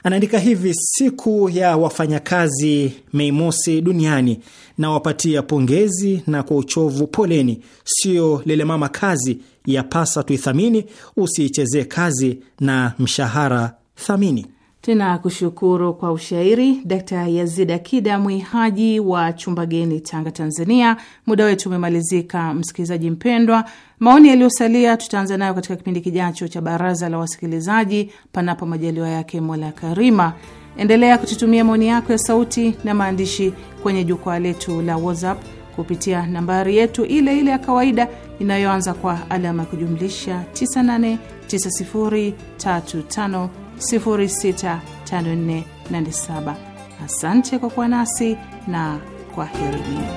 anaandika hivi: siku ya wafanyakazi Mei Mosi duniani, na wapatia pongezi na kwa uchovu poleni. Sio lile mama kazi ya pasa tuithamini, usiichezee kazi na mshahara thamini. Tena kushukuru kwa ushairi Dkt. Yazid Akida Mwihaji wa Chumbageni, Tanga, Tanzania. Muda wetu umemalizika, msikilizaji mpendwa. Maoni yaliyosalia tutaanza nayo katika kipindi kijacho cha Baraza la Wasikilizaji, panapo majaliwa yake Mola Karima. Endelea kututumia maoni yako ya sauti na maandishi kwenye jukwaa letu la WhatsApp kupitia nambari yetu ile ile ya kawaida inayoanza kwa alama ya kujumlisha 989035 065487. Asante kwa kuwa nasi na kwa herini.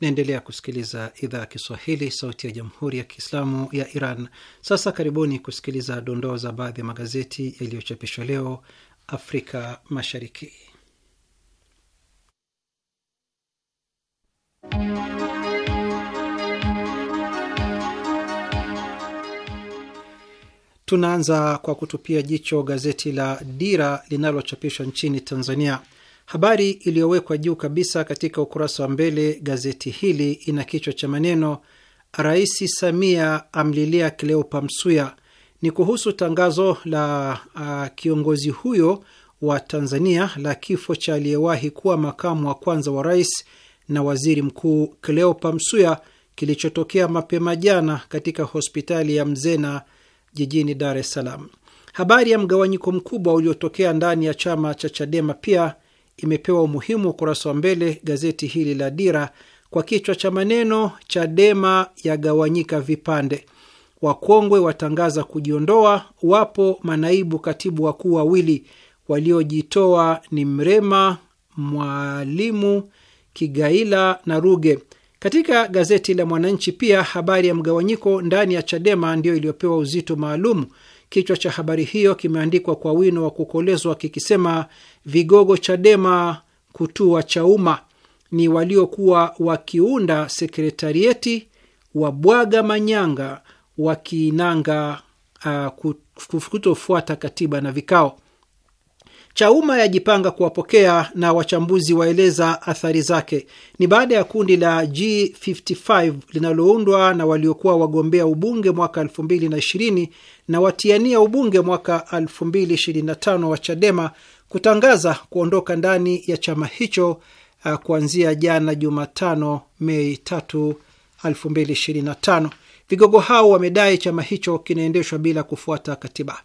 Naendelea kusikiliza idhaa ya Kiswahili, sauti ya jamhuri ya kiislamu ya Iran. Sasa karibuni kusikiliza dondoo za baadhi ya magazeti yaliyochapishwa leo Afrika Mashariki. Tunaanza kwa kutupia jicho gazeti la Dira linalochapishwa nchini Tanzania. Habari iliyowekwa juu kabisa katika ukurasa wa mbele gazeti hili ina kichwa cha maneno Rais Samia amlilia kleopa Msuya. Ni kuhusu tangazo la uh, kiongozi huyo wa Tanzania la kifo cha aliyewahi kuwa makamu wa kwanza wa rais na waziri mkuu kleopa Msuya kilichotokea mapema jana katika hospitali ya Mzena jijini Dar es Salaam. Habari ya mgawanyiko mkubwa uliotokea ndani ya chama cha Chadema pia imepewa umuhimu wa ukurasa wa mbele gazeti hili la Dira kwa kichwa cha maneno Chadema yagawanyika vipande, wakongwe watangaza kujiondoa, wapo manaibu katibu wakuu wawili waliojitoa ni Mrema, Mwalimu Kigaila na Ruge katika gazeti la Mwananchi pia habari ya mgawanyiko ndani ya Chadema ndiyo iliyopewa uzito maalum. Kichwa cha habari hiyo kimeandikwa kwa wino wa kukolezwa kikisema, vigogo Chadema kutua cha umma ni waliokuwa wakiunda sekretarieti wabwaga manyanga wakiinanga uh, kutofuata katiba na vikao. Chauma yajipanga kuwapokea na wachambuzi waeleza athari zake. Ni baada ya kundi la G55 linaloundwa na waliokuwa wagombea ubunge mwaka 2020 na watiania ubunge mwaka 2025 wa Chadema kutangaza kuondoka ndani ya chama hicho uh, kuanzia jana Jumatano Mei 3, 2025. Vigogo hao wamedai chama hicho kinaendeshwa bila kufuata katiba.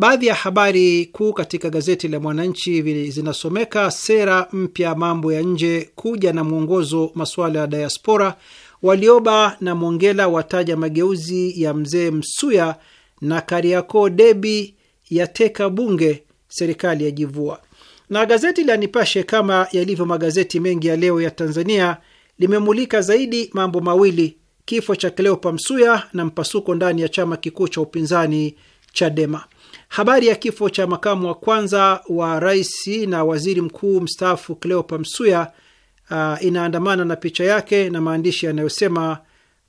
Baadhi ya habari kuu katika gazeti la Mwananchi zinasomeka: sera mpya mambo ya nje kuja na mwongozo masuala ya diaspora, Walioba na mwongela wataja mageuzi ya mzee Msuya, na Kariakoo debi yateka bunge, serikali yajivua. Na gazeti la Nipashe, kama yalivyo magazeti mengi ya leo ya Tanzania, limemulika zaidi mambo mawili: kifo cha kleopa Msuya na mpasuko ndani ya chama kikuu cha upinzani Chadema. Habari ya kifo cha makamu wa kwanza wa rais na waziri mkuu mstaafu Cleopa Msuya uh, inaandamana na picha yake na maandishi yanayosema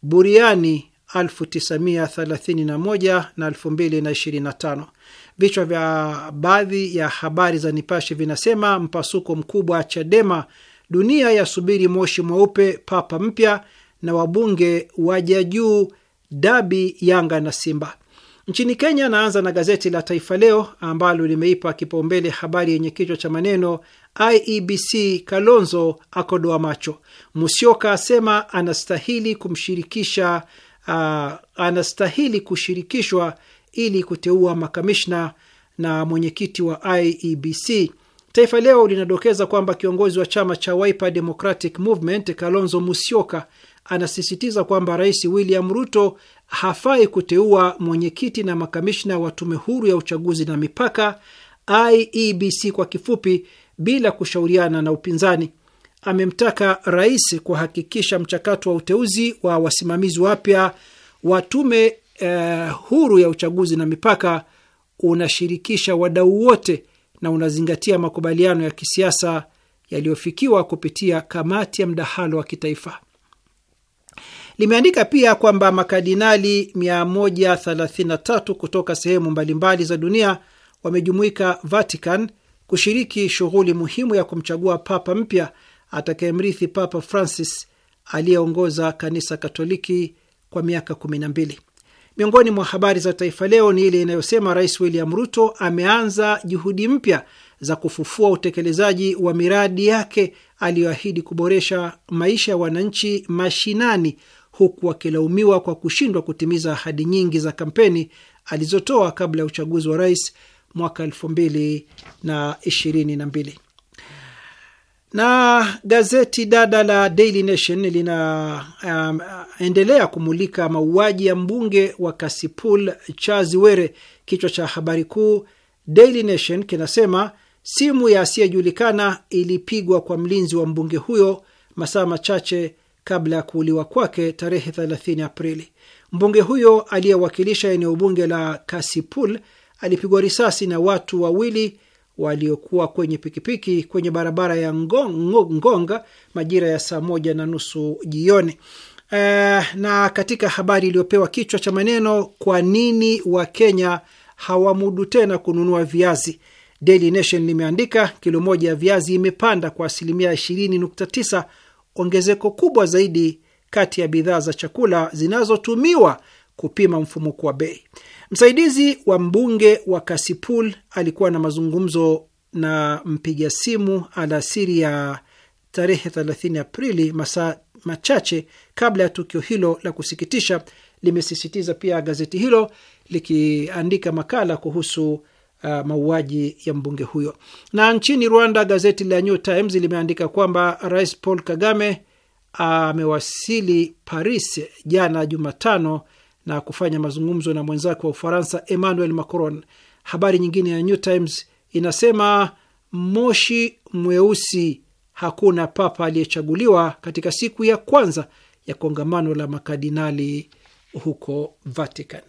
buriani 1931 na 2025. Vichwa vya baadhi ya habari za Nipashe vinasema mpasuko mkubwa Chadema, dunia yasubiri moshi mweupe, papa mpya na wabunge waja juu, dabi Yanga na Simba. Nchini Kenya, naanza na gazeti la Taifa Leo ambalo limeipa kipaumbele habari yenye kichwa cha maneno IEBC Kalonzo akodoa macho, Musyoka asema anastahili kumshirikisha uh, anastahili kushirikishwa ili kuteua makamishna na mwenyekiti wa IEBC. Taifa Leo linadokeza kwamba kiongozi wa chama cha Wiper Democratic Movement Kalonzo Musyoka anasisitiza kwamba Rais William Ruto hafai kuteua mwenyekiti na makamishna wa tume huru ya uchaguzi na mipaka IEBC kwa kifupi, bila kushauriana na upinzani. Amemtaka rais kuhakikisha mchakato wa uteuzi wa wasimamizi wapya wa tume eh, huru ya uchaguzi na mipaka unashirikisha wadau wote na unazingatia makubaliano ya kisiasa yaliyofikiwa kupitia kamati ya mdahalo wa kitaifa. Limeandika pia kwamba makardinali 133 kutoka sehemu mbalimbali za dunia wamejumuika Vatican kushiriki shughuli muhimu ya kumchagua papa mpya atakayemrithi Papa Francis aliyeongoza kanisa Katoliki kwa miaka 12. Miongoni mwa habari za Taifa Leo ni ile inayosema Rais William Ruto ameanza juhudi mpya za kufufua utekelezaji wa miradi yake aliyoahidi kuboresha maisha ya wananchi mashinani huku wakilaumiwa kwa kushindwa kutimiza ahadi nyingi za kampeni alizotoa kabla ya uchaguzi wa rais mwaka mbili. Na gazeti dada la Daily Nation linaendelea um, kumulika mauaji ya mbunge wa Kasipul Charles Were. Kichwa cha habari kuu Daily Nation kinasema simu ya asiyejulikana ilipigwa kwa mlinzi wa mbunge huyo masaa machache kabla ya kuuliwa kwake tarehe 30 Aprili. Mbunge huyo aliyewakilisha eneo bunge la Kasipul alipigwa risasi na watu wawili waliokuwa kwenye pikipiki kwenye barabara ya Ngong, Ngonga majira ya saa moja na nusu jioni. E, na katika habari iliyopewa kichwa cha maneno kwa nini Wakenya hawamudu tena kununua viazi, Daily Nation limeandika kilo moja ya viazi imepanda kwa asilimia 9 ongezeko kubwa zaidi kati ya bidhaa za chakula zinazotumiwa kupima mfumuko wa bei. Msaidizi wa mbunge wa Kasipul alikuwa na mazungumzo na mpiga simu alasiri ya tarehe 30 Aprili, masaa machache kabla ya tukio hilo la kusikitisha, limesisitiza pia gazeti hilo likiandika makala kuhusu uh, mauaji ya mbunge huyo. Na nchini Rwanda, gazeti la New Times limeandika kwamba Rais Paul Kagame amewasili uh, Paris jana Jumatano na kufanya mazungumzo na mwenzake wa Ufaransa Emmanuel Macron. Habari nyingine ya New Times inasema moshi mweusi, hakuna papa aliyechaguliwa katika siku ya kwanza ya kongamano la makardinali huko Vatican.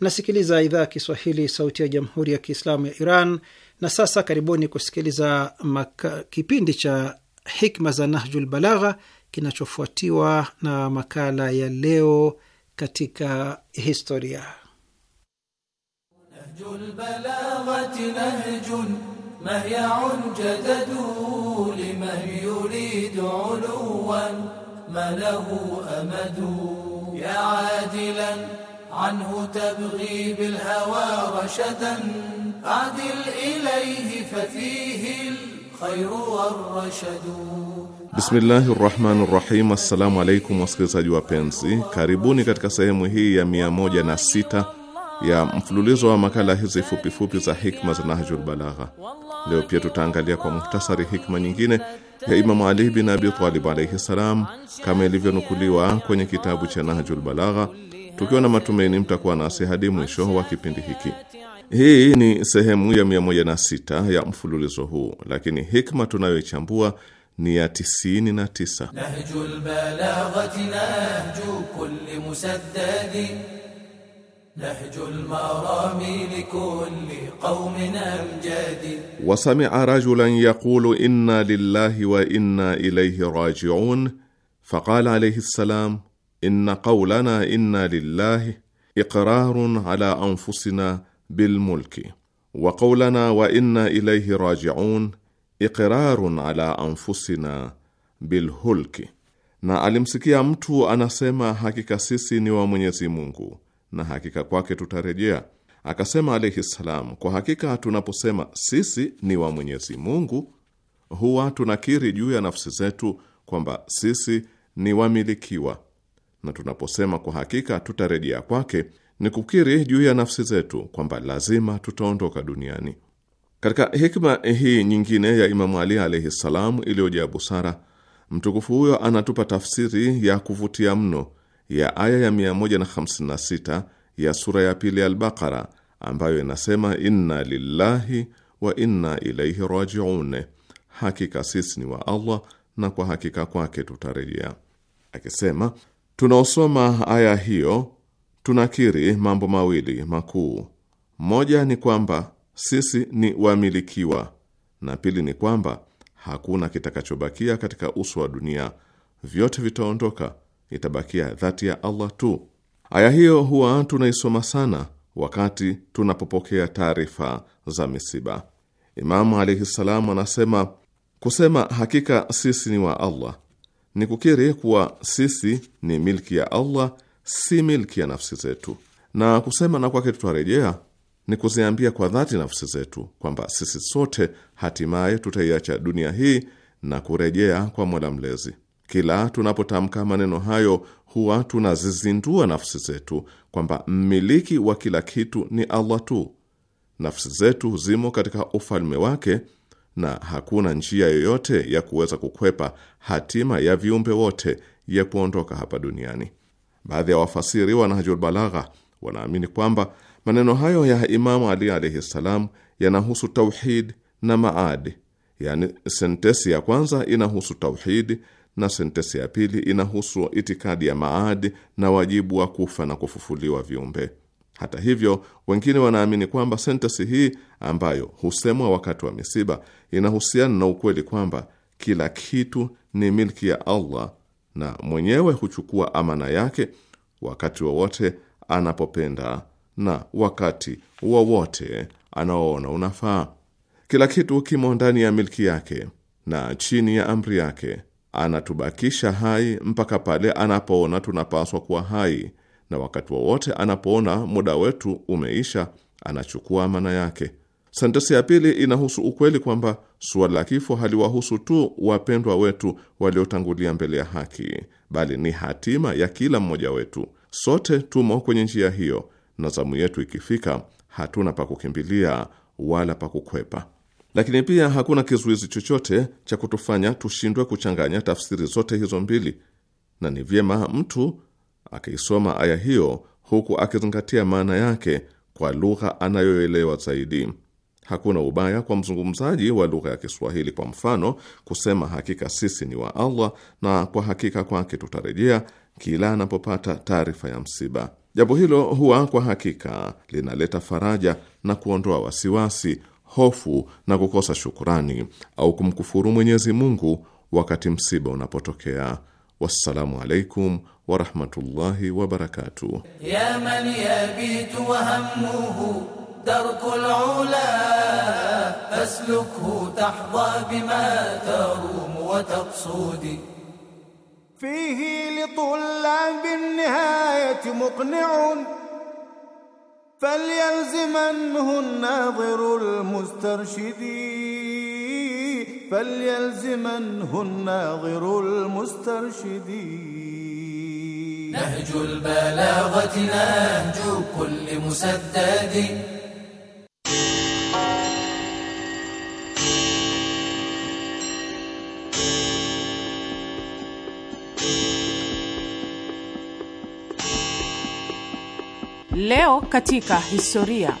Mnasikiliza idhaa ya Kiswahili, sauti ya jamhuri ya kiislamu ya Iran. Na sasa karibuni kusikiliza maka, kipindi cha hikma za Nahjul Balagha kinachofuatiwa na makala ya leo katika historia Nahjul Balagha, Nahjul. مهيع جدد لمن يريد علوا ما له أمد يا عادلا عنه تبغي بالهوى رشدا أعدل إليه ففيه الخير والرشد Bismillahi rrahmani rrahim. Assalamu alaikum wasikilizaji wapenzi, karibuni katika sehemu hii ya mia moja na sita ya mfululizo wa makala hizi fupifupi za hikma za Nahjul Balagha. Leo pia tutaangalia kwa muhtasari hikma nyingine ya Imamu Ali bin Abi Talib alaihi ssalam, kama ilivyonukuliwa kwenye kitabu cha Nahjul Balagha, tukiwa na matumaini mtakuwa nasi hadi mwisho wa kipindi hiki. Hii ni sehemu ya 106 ya mfululizo huu, lakini hikma tunayoichambua ni ya 99. Nahjul Balagha, nahju kulli musaddadi نهج المرامي لكل قوم أمجاد وسمع رجلا يقول إنا لله وإنا إليه راجعون فقال عليه السلام إن قولنا إنا لله إقرار على أنفسنا بالملك وقولنا وإنا إليه راجعون إقرار على أنفسنا بالهلك Na alimsikia mtu anasema, hakika sisi ni wa Mwenyezi Mungu, na hakika kwake tutarejea. Akasema alaihi ssalam, kwa hakika tunaposema sisi ni wa Mwenyezi Mungu, huwa tunakiri juu ya nafsi zetu kwamba sisi ni wamilikiwa, na tunaposema kwa hakika tutarejea kwake, ni kukiri juu ya nafsi zetu kwamba lazima tutaondoka duniani. Katika hikma hii nyingine ya Imamu Ali alaihi ssalam iliyojaa busara, mtukufu huyo anatupa tafsiri ya kuvutia mno ya aya ya 156 ya sura ya pili ya Al-Baqara ambayo inasema inna lillahi wa inna ilaihi rajiun, hakika sisi ni wa Allah na kwa hakika kwake tutarejea. Akisema tunaosoma aya hiyo tunakiri mambo mawili makuu: moja ni kwamba sisi ni wamilikiwa, na pili ni kwamba hakuna kitakachobakia katika uso wa dunia, vyote vitaondoka itabakia dhati ya Allah tu. Aya hiyo huwa tunaisoma sana wakati tunapopokea taarifa za misiba. Imamu alaihi salamu anasema kusema hakika sisi ni wa Allah ni kukiri kuwa sisi ni milki ya Allah, si milki ya nafsi zetu, na kusema na kwake tutarejea ni kuziambia kwa dhati nafsi zetu kwamba sisi sote hatimaye tutaiacha dunia hii na kurejea kwa Mola Mlezi. Kila tunapotamka maneno hayo huwa tunazizindua nafsi zetu kwamba mmiliki wa kila kitu ni Allah tu. Nafsi zetu zimo katika ufalme wake na hakuna njia yoyote ya kuweza kukwepa hatima ya viumbe wote ya kuondoka hapa duniani. Baadhi ya wafasiri wa Nahjul Balagha wanaamini kwamba maneno hayo ya Imamu Ali alaihi ssalam yanahusu tauhid na maadi, yani sentesi ya kwanza inahusu tauhidi na sentensi ya pili inahusu itikadi ya maadi na wajibu wa kufa na kufufuliwa viumbe. Hata hivyo, wengine wanaamini kwamba sentensi hii ambayo husemwa wakati wa misiba inahusiana na ukweli kwamba kila kitu ni milki ya Allah na mwenyewe huchukua amana yake wakati wowote wa anapopenda na wakati wowote wa anaoona unafaa. Kila kitu kimo ndani ya milki yake na chini ya amri yake anatubakisha hai mpaka pale anapoona tunapaswa kuwa hai, na wakati wowote anapoona muda wetu umeisha, anachukua mana yake. Sentensi ya pili inahusu ukweli kwamba suala la kifo haliwahusu tu wapendwa wetu waliotangulia mbele ya haki, bali ni hatima ya kila mmoja wetu. Sote tumo kwenye njia hiyo, na zamu yetu ikifika, hatuna pa kukimbilia wala pa kukwepa lakini pia hakuna kizuizi chochote cha kutufanya tushindwe kuchanganya tafsiri zote hizo mbili, na ni vyema mtu akiisoma aya hiyo huku akizingatia maana yake kwa lugha anayoelewa zaidi. Hakuna ubaya kwa mzungumzaji wa lugha ya Kiswahili, kwa mfano, kusema hakika sisi ni wa Allah na kwa hakika kwake tutarejea, kila anapopata taarifa ya msiba. Jambo hilo huwa kwa hakika linaleta faraja na kuondoa wasiwasi hofu na kukosa shukurani au kumkufuru Mwenyezi Mungu wakati msiba unapotokea. Wassalamu alaikum warahmatullahi wabarakatuh. bima fihi nihayati muqni'un فليلزمنه الناظر المسترشد فليلزمنه الناظر المسترشد نهج البلاغة نهج كل مسدد Leo katika historia.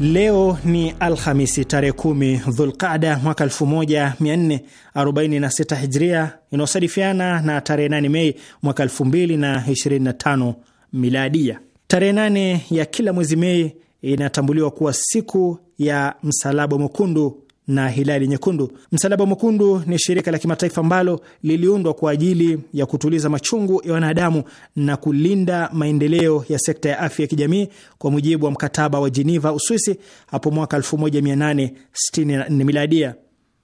Leo ni Alhamisi tarehe kumi Dhulqada mwaka 1446 Hijria, inayosadifiana na tarehe nane Mei mwaka 2025 Miladia. Tarehe nane ya kila mwezi Mei inatambuliwa kuwa siku ya Msalaba Mwekundu na Hilali Nyekundu. Msalaba Mwekundu ni shirika la kimataifa ambalo liliundwa kwa ajili ya kutuliza machungu ya wanadamu na kulinda maendeleo ya sekta ya afya ya kijamii kwa mujibu wa mkataba wa Jeneva, Uswisi, hapo mwaka 1864 miladia.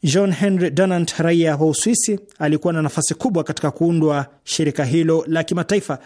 John Henry Dunant, raia wa Uswisi, alikuwa na nafasi kubwa katika kuundwa shirika hilo la kimataifa.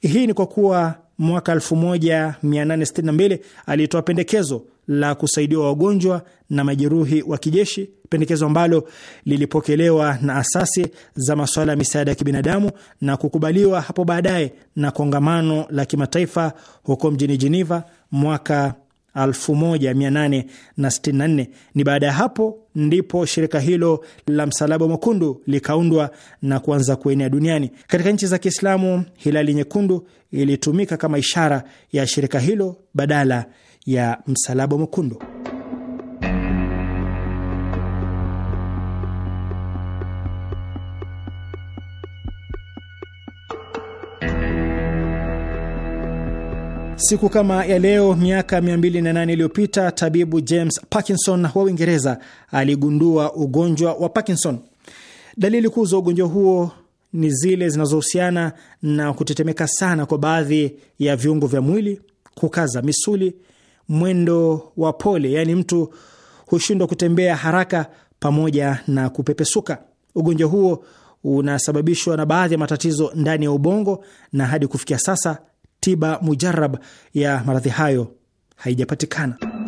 Hii ni kwa kuwa mwaka 1862 alitoa pendekezo la kusaidiwa wagonjwa na majeruhi wa kijeshi, pendekezo ambalo lilipokelewa na asasi za masuala ya misaada ya kibinadamu na kukubaliwa hapo baadaye na kongamano la kimataifa huko mjini Geneva mwaka 1864. Ni baada ya hapo ndipo shirika hilo la Msalaba Mwekundu likaundwa na kuanza kuenea duniani. Katika nchi za Kiislamu, hilali nyekundu ilitumika kama ishara ya shirika hilo badala ya Msalaba Mwekundu. Siku kama ya leo miaka 208 iliyopita tabibu James Parkinson wa Uingereza aligundua ugonjwa wa Parkinson. Dalili kuu za ugonjwa huo ni zile zinazohusiana na kutetemeka sana kwa baadhi ya viungo vya mwili, kukaza misuli, mwendo wa pole, yaani mtu hushindwa kutembea haraka pamoja na kupepesuka. Ugonjwa huo unasababishwa na baadhi ya matatizo ndani ya ubongo, na hadi kufikia sasa tiba mujarab ya maradhi hayo haijapatikana.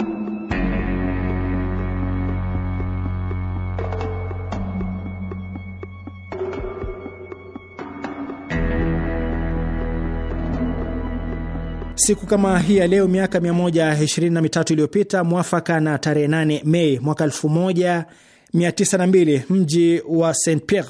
Siku kama hii ya leo miaka 123 iliyopita, mwafaka na tarehe 8 Mei mwaka 1902, mji wa st Pierre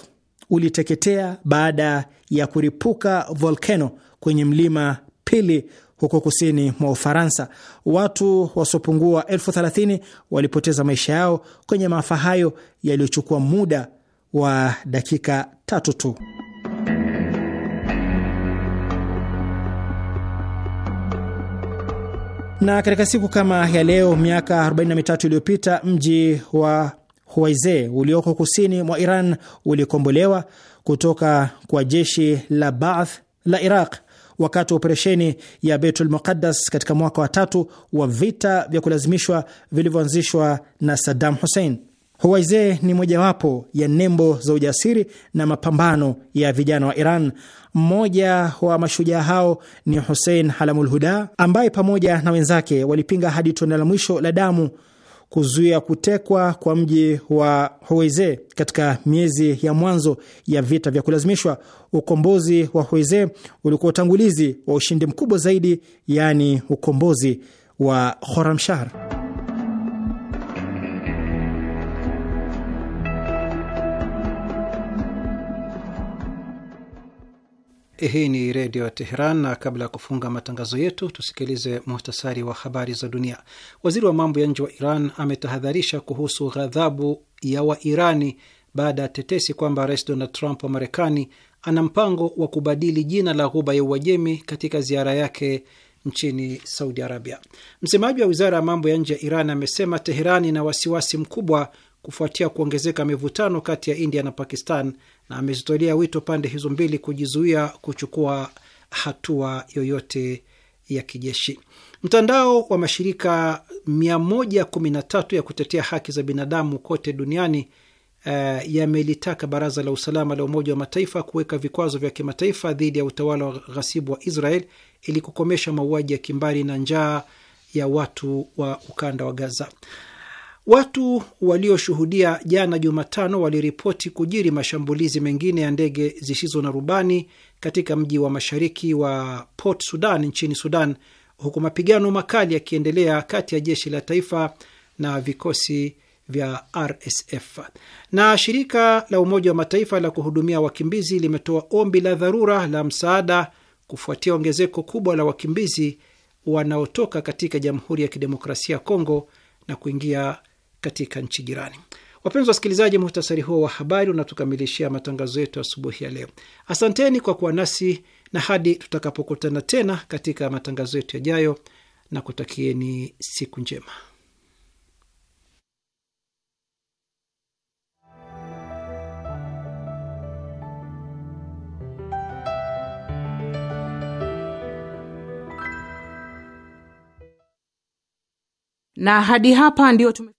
uliteketea baada ya kuripuka volcano kwenye mlima Pili huko kusini mwa Ufaransa. Watu wasiopungua elfu thelathini walipoteza maisha yao kwenye maafa hayo yaliyochukua muda wa dakika tatu tu. Na katika siku kama ya leo miaka 43 iliyopita mji wa Huwaize ulioko kusini mwa Iran ulikombolewa kutoka kwa jeshi la Baath la Iraq wakati wa operesheni ya Beitul Muqaddas katika mwaka wa tatu wa vita vya kulazimishwa vilivyoanzishwa na Saddam Hussein. Huwaize ni mojawapo ya nembo za ujasiri na mapambano ya vijana wa Iran mmoja wa mashujaa hao ni Hussein Halamul Huda ambaye pamoja na wenzake walipinga hadi tone la mwisho la damu kuzuia kutekwa kwa mji wa Huweize katika miezi ya mwanzo ya vita vya kulazimishwa. Ukombozi wa Huweize ulikuwa utangulizi wa ushindi mkubwa zaidi, yaani ukombozi wa Khorramshahr. Hii ni Redio Teheran, na kabla ya kufunga matangazo yetu tusikilize muhtasari wa habari za dunia. Waziri wa mambo ya nje wa Iran ametahadharisha kuhusu ghadhabu ya Wairani baada ya tetesi kwamba Rais Donald Trump wa Marekani ana mpango wa kubadili jina la Ghuba ya Uajemi katika ziara yake nchini Saudi Arabia. Msemaji wa wizara ya mambo ya nje ya Iran amesema teheran ina wasiwasi mkubwa kufuatia kuongezeka mivutano kati ya India na Pakistan na amezitolea wito pande hizo mbili kujizuia kuchukua hatua yoyote ya kijeshi. Mtandao wa mashirika 113 ya kutetea haki za binadamu kote duniani uh, yamelitaka Baraza la Usalama la Umoja wa Mataifa kuweka vikwazo vya kimataifa dhidi ya utawala wa ghasibu wa Israel ili kukomesha mauaji ya kimbari na njaa ya watu wa ukanda wa Gaza. Watu walioshuhudia jana Jumatano waliripoti kujiri mashambulizi mengine ya ndege zisizo na rubani katika mji wa mashariki wa Port Sudan nchini Sudan, huku mapigano makali yakiendelea kati ya jeshi la taifa na vikosi vya RSF. Na shirika la Umoja wa Mataifa la kuhudumia wakimbizi limetoa ombi la dharura la msaada kufuatia ongezeko kubwa la wakimbizi wanaotoka katika Jamhuri ya Kidemokrasia ya Kongo na kuingia katika nchi jirani. Wapenzi wasikilizaji, muhtasari huo wa habari unatukamilishia matangazo yetu asubuhi ya leo. Asanteni kwa kuwa nasi na hadi tutakapokutana tena katika matangazo yetu yajayo, na kutakieni siku njema. Na hadi hapa ndio tume